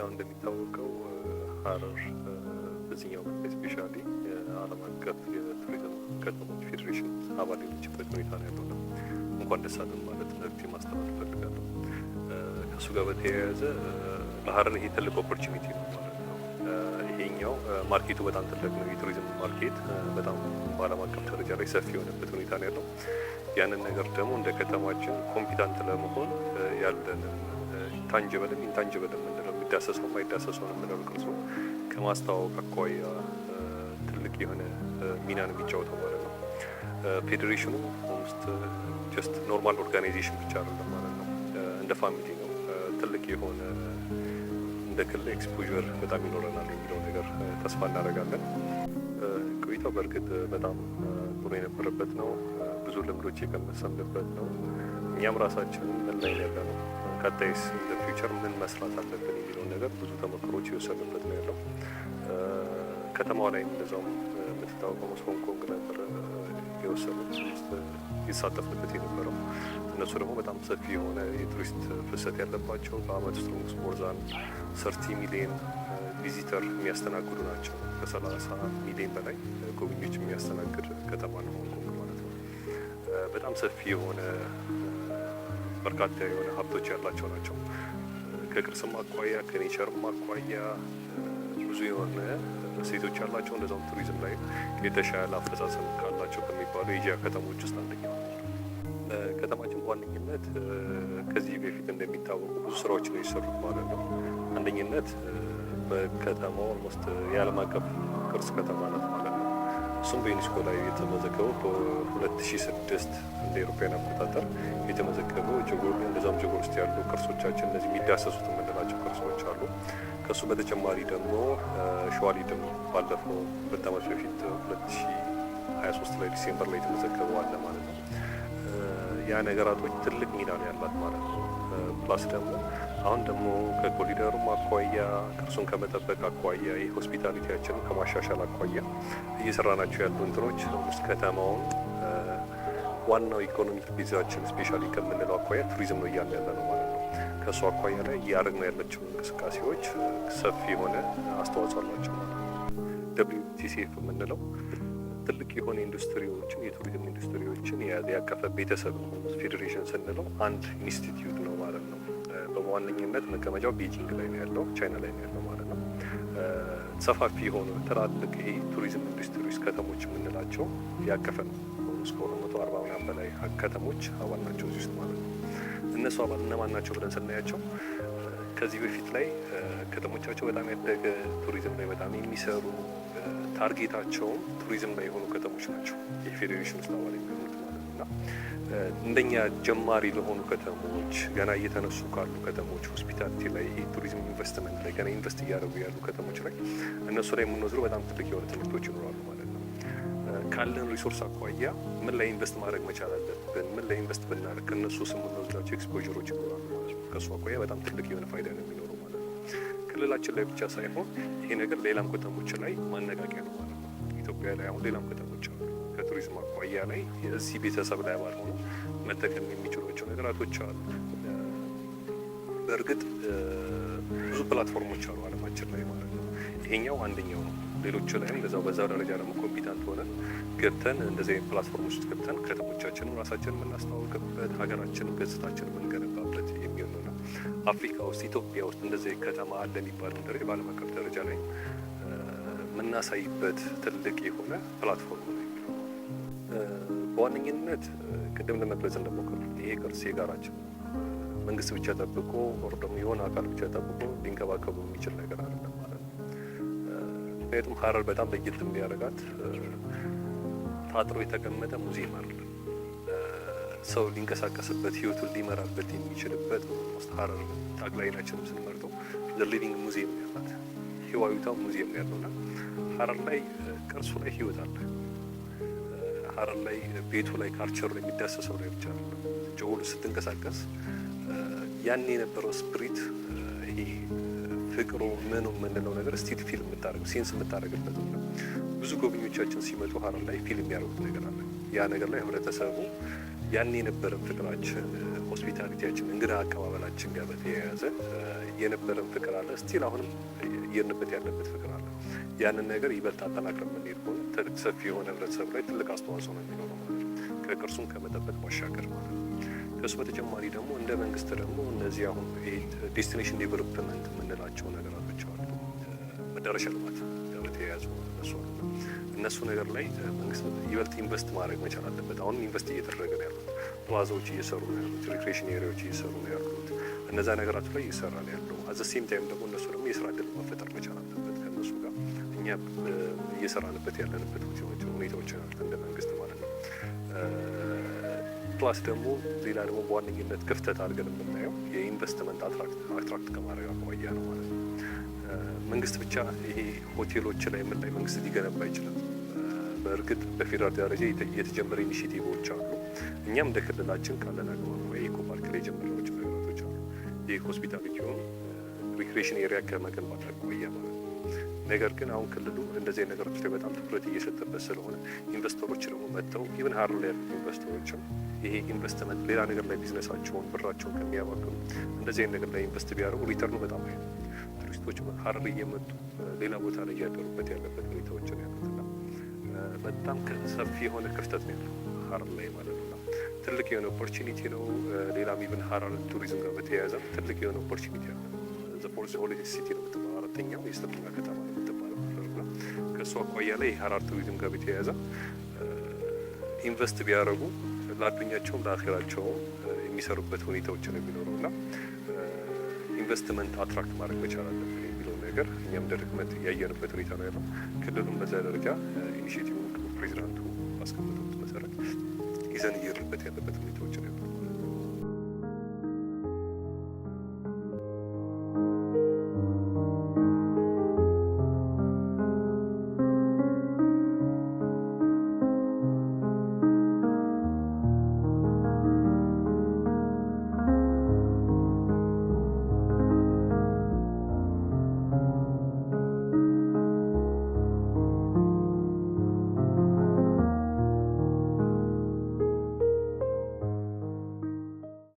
ያው እንደሚታወቀው ሀረር በዚህኛው ጉዳይ ስፔሻሊ ዓለም አቀፍ የቱሪዝም ከተሞች ፌዴሬሽን አባል የሆነችበት ሁኔታ ነው ያለው። እንኳን ደስ አለን ማለት መልዕክት ማስተማር እፈልጋለሁ። ከእሱ ጋር በተያያዘ ለሀረር ይሄ ትልቅ ኦፖርቹኒቲ ነው ማለት ነው። ይሄኛው ማርኬቱ በጣም ትልቅ ነው። የቱሪዝም ማርኬት በጣም በዓለም አቀፍ ደረጃ ላይ ሰፊ የሆነበት ሁኔታ ነው ያለው። ያንን ነገር ደግሞ እንደ ከተማችን ኮምፒታንት ለመሆን ያለንን ታንጀበልም ኢንታንጀበልም የሚዳሰሰው የማይዳሰሰው ነው የምንለው ቅርጹ ከማስተዋወቅ አኳያ ትልቅ የሆነ ሚና ነው የሚጫወተው ማለት ነው። ፌዴሬሽኑ ውስጥ ጀስት ኖርማል ኦርጋናይዜሽን ብቻ አይደለም ማለት ነው። እንደ ፋሚሊ ነው ትልቅ የሆነ እንደ ክልል ኤክስፖዥር በጣም ይኖረናል የሚለው ነገር ተስፋ እናደርጋለን። ቆይታው በእርግጥ በጣም ጥሩ የነበረበት ነው። ብዙ ልምዶች የቀመሰብንበት ነው። እኛም ራሳችንን ምን ላይ ያለ ነው፣ ቀጣይስ ለፊውቸር ምን መስራት አለብን የሚለውን ነገር ብዙ ተሞክሮች የወሰድንበት ነው ያለው። ከተማዋ ላይ እንደዛውም የምትታወቀው መስኮን ኮንግ ነበር የወሰኑት ይሳተፍበት የነበረው። እነሱ ደግሞ በጣም ሰፊ የሆነ የቱሪስት ፍሰት ያለባቸው በአመት ውስጥ ሞስ ቦርዛን ሰርቲ ሚሊየን ቪዚተር የሚያስተናግዱ ናቸው። ከሰላሳ ሚሊዮን በላይ ጎብኚዎች የሚያስተናግድ ከተማ ነው። በጣም ሰፊ የሆነ በርካታ የሆነ ሀብቶች ያላቸው ናቸው። ከቅርስም አኳያ ከኔቸርም አኳያ ብዙ የሆነ ሴቶች ያላቸው እንደዛም ቱሪዝም ላይ የተሻለ አፈጻጸም ካላቸው ከሚባሉ የኤዥያ ከተሞች ውስጥ አንደኛው ከተማችን በዋነኝነት ከዚህ በፊት እንደሚታወቁ ብዙ ስራዎች ነው የሰሩት ማለት ነው። አንደኝነት በከተማው ኦልሞስት የዓለም አቀፍ ቅርስ ከተማ ናት። እሱም በዩኒስኮ ላይ የተመዘገበው በ2006 እንደ ኤሮፓያን አቆጣጠር የተመዘገበው ጀጎል እንደዛም ጀጎል ውስጥ ያሉ ቅርሶቻችን እነዚህ የሚዳሰሱት የምንላቸው ቅርሶች አሉ። ከእሱ በተጨማሪ ደግሞ ሸዋሊድም ባለፈው ሁለት ዓመት በፊት 2023 ላይ ዲሴምበር ላይ የተመዘገበው አለ ማለት ነው። ያ ነገራቶች ትልቅ ሚና ነው ያላት ማለት ነው። ፕላስ ደግሞ አሁን ደግሞ ከኮሪደሩም አኳያ ቅርሱን ከመጠበቅ አኳያ የሆስፒታሊቲያችንን ከማሻሻል አኳያ እየሰራ ናቸው ያሉ እንትኖች ውስጥ ከተማውን ዋናው ኢኮኖሚክ ቢዛችን ስፔሻሊ ከምንለው አኳያ ቱሪዝም ነው እያለ ያለ ነው ማለት ነው። ከእሱ አኳያ ላይ እያደረግ ነው ያለችው እንቅስቃሴዎች ሰፊ የሆነ አስተዋጽኦ አላቸው ማለት ነው። ደብሊው ቲ ሲ ኤፍ የምንለው ትልቅ የሆነ ኢንዱስትሪዎችን የቱሪዝም ኢንዱስትሪዎችን የያዘ ያቀፈ ቤተሰብ ነው። ፌዴሬሽን ስንለው አንድ ኢንስቲትዩት ነው ማለት ነው። በዋነኝነት መቀመጫው ቤጂንግ ላይ ነው ያለው፣ ቻይና ላይ ነው ያለው ማለት ነው። ሰፋፊ የሆነ ትላልቅ ይሄ ቱሪዝም ኢንዱስትሪ ውስጥ ከተሞች የምንላቸው ያቀፈ ነው። እስከሆነ መቶ አርባ ምናምን በላይ ከተሞች አባል ናቸው እዚህ ውስጥ ማለት ነው። እነሱ አባል እነማን ናቸው ብለን ስናያቸው ከዚህ በፊት ላይ ከተሞቻቸው በጣም ያደገ ቱሪዝም ላይ በጣም የሚሰሩ ታርጌታቸውም ቱሪዝም ላይ የሆኑ ከተሞች ናቸው የፌዴሬሽን ውስጥ የሚሆኑት እና እንደኛ ጀማሪ ለሆኑ ከተሞች ገና እየተነሱ ካሉ ከተሞች ሆስፒታሊቲ ላይ ቱሪዝም ኢንቨስትመንት ላይ ገና ኢንቨስት እያደረጉ ያሉ ከተሞች ላይ እነሱ ላይ የምንወስደው በጣም ትልቅ የሆነ ትምህርቶች ይኖራሉ ማለት ነው። ካለን ሪሶርስ አኳያ ምን ላይ ኢንቨስት ማድረግ መቻል አለብን፣ ምን ላይ ኢንቨስት ብናደርግ እነሱ ስምንወስዳቸው ኤክስፖሮች ይኖራሉ ማለት ነው። ከእሱ አኳያ በጣም ትልቅ የሆነ ፋይዳ ነው የሚኖረው ማለት ነው። ክልላችን ላይ ብቻ ሳይሆን ይሄ ነገር ሌላም ከተሞች ላይ ማነቃቂያ ነው ማለት ነው። ኢትዮጵያ ላይ አሁን ሌላም ከተሞች አሉ ከቱሪዝም አኳያ ላይ እዚህ ቤተሰብ ላይ ሆኖ መጠቀም የሚችሏቸው ነገራቶች አሉ። በእርግጥ ብዙ ፕላትፎርሞች አሉ አለማችን ላይ ማለት ነው። ይሄኛው አንደኛው ነው። ሌሎቹ ላይም እንደዛው በዛ ደረጃ ደግሞ ኮምፒታንት ሆነን ገብተን እንደዚህ አይነት ፕላትፎርም ውስጥ ገብተን ከተሞቻችንም ራሳችን የምናስተዋወቅበት ሀገራችንም ገጽታችን የምንገነባበት የሚሆን ነው። አፍሪካ ውስጥ ኢትዮጵያ ውስጥ እንደዚህ ከተማ አለ የሚባለው ደረጃ በዓለም አቀፍ ደረጃ ላይ የምናሳይበት ትልቅ የሆነ ፕላትፎርም ነው። በዋነኝነት ቅድም ለመግለጽ እንደሞከርኩት ይሄ ቅርስ የጋራችን መንግስት ብቻ ጠብቆ ወር ደግሞ የሆነ አካል ብቻ ጠብቆ ሊንከባከቡ የሚችል ነገር አለ ማለት ነው። ምክንያቱም ሀረር በጣም ለየት የሚያደርጋት ታጥሮ የተቀመጠ ሙዚየም አለ። ሰው ሊንቀሳቀስበት ህይወቱን ሊመራበት የሚችልበት ውስጥ ሀረር ታግላይናችንም ስንመርጠው ለሊቪንግ ሙዚየም ያላት ህዋዊቷ ሙዚየም ያለውና ሀረር ላይ ቅርሱ ላይ ህይወት አለ። ሀረር ላይ ቤቱ ላይ ካልቸሩ ላይ የሚዳሰሰው ላይ ብቻ ነው። ጀጎል ስትንቀሳቀስ ያን የነበረው ስፕሪት ይሄ ፍቅሩ ምኑ የምንለው ነገር ስቲል ፊልም የምታደረግ ሴንስ የምታደረግበት ነው። ብዙ ጎብኞቻችን ሲመጡ ሀረር ላይ ፊልም የሚያደርጉት ነገር አለ። ያ ነገር ላይ ህብረተሰቡ ያን የነበረን ፍቅራችን፣ ሆስፒታሊቲያችን፣ እንግዳ አቀባበላችን ጋር በተያያዘ የነበረን ፍቅር አለ። ስቲል አሁንም እየርንበት ያለበት ፍቅር አለ። ያንን ነገር ይበልጥ አጠናክረን የምንሄድ ትልቅ ሰፊ የሆነ ህብረተሰብ ላይ ትልቅ አስተዋጽኦ ነው የሚኖረው ማለት ነው። ከቅርሱን ከመጠበቅ ባሻገር ማለት ነው። ከእሱ በተጨማሪ ደግሞ እንደ መንግስት ደግሞ እነዚህ አሁን ዴስቲኔሽን ዴቨሎፕመንት የምንላቸው ነገራቶች አሉ። መዳረሻ ልማት ጋር የተያያዙ እነሱ አሉ። እነሱ ነገር ላይ መንግስት ይበልጥ ኢንቨስት ማድረግ መቻል አለበት። አሁንም ኢንቨስት እየተደረገ ነው ያሉት። ፕላዛዎች እየሰሩ ነው ያሉት። ሪክሬሽን ኤሪያዎች እየሰሩ ነው ያሉት። እነዛ ነገራቱ ላይ እየሰራ ነው አዘሴም ታይም ደግሞ እነሱ ደግሞ የስራ እድል መፈጠር መቻል አለበት። ከእነሱ ጋር እኛ እየሰራንበት ያለንበት ሁኔታዎች እንደ መንግስት ማለት ነው። ፕላስ ደግሞ ሌላ ደግሞ በዋነኝነት ክፍተት አድርገን የምናየው የኢንቨስትመንት አትራክት ከማድረግ አኳያ ነው ማለት ነው። መንግስት ብቻ ይሄ ሆቴሎች ላይ ምን ላይ መንግስት ሊገነባ አይችልም። በእርግጥ በፌዴራል ደረጃ የተጀመረ ኢኒሽቲቮች አሉ። እኛም እንደ ክልላችን ካለን አግባብ ኢኮ ፓርክ ላይ የጀመራቸው ነገሮች አሉ። የሆስፒታል ሆስፒታል ኢንኩቤሽን ኤሪያ ከመገንባት ማድረግ ቆየ ነው። ነገር ግን አሁን ክልሉ እንደዚህ ነገሮች ላይ በጣም ትኩረት እየሰጠበት ስለሆነ ኢንቨስተሮች ደግሞ መጥተው ኢቨን ሀር ላይ ያሉት ኢንቨስተሮችም ይሄ ኢንቨስትመንት ሌላ ነገር ላይ ቢዝነሳቸውን ብራቸውን ከሚያባክኑ እንደዚህ አይነት ነገር ላይ ኢንቨስት ቢያደርጉ ሪተርኑ በጣም አይ ቱሪስቶች ሀረር እየመጡ ሌላ ቦታ ላይ እያደሩበት ያለበት ሁኔታዎች ነው ያሉት ያሉትና በጣም ሰፊ የሆነ ክፍተት ነው ያለው ሀረር ላይ ማለት ነው። ትልቅ የሆነ ኦፖርቹኒቲ ነው። ሌላም ኢቨን ሀረር ቱሪዝም ጋር በተያያዘም ትልቅ የሆነ ኦፖርቹኒቲ ያለው ዘ ፖሊስ ሆሊዴይ ሲቲ ነው የምትባለው አራተኛው የስተኛ ከተማ ነው የምትባለው ነው። ከእሱ አኳያ ላይ ሀራር ቱሪዝም ጋር የተያያዘ ኢንቨስት ቢያደርጉ ለአዱኛቸውም ለአኼራቸውም የሚሰሩበት ሁኔታዎች ነው የሚኖረው እና ኢንቨስትመንት አትራክት ማድረግ መቻል አለብን የሚለውን ነገር እኛም ደርግመት ያየንበት ሁኔታ ነው ያለው። ክልሉም በዛ ደረጃ ኢኒሽቲቭ ፕሬዚዳንቱ ባስቀመጡት መሰረት ይዘን እየርንበት ያለበት ሁኔታዎች ነው ያለው።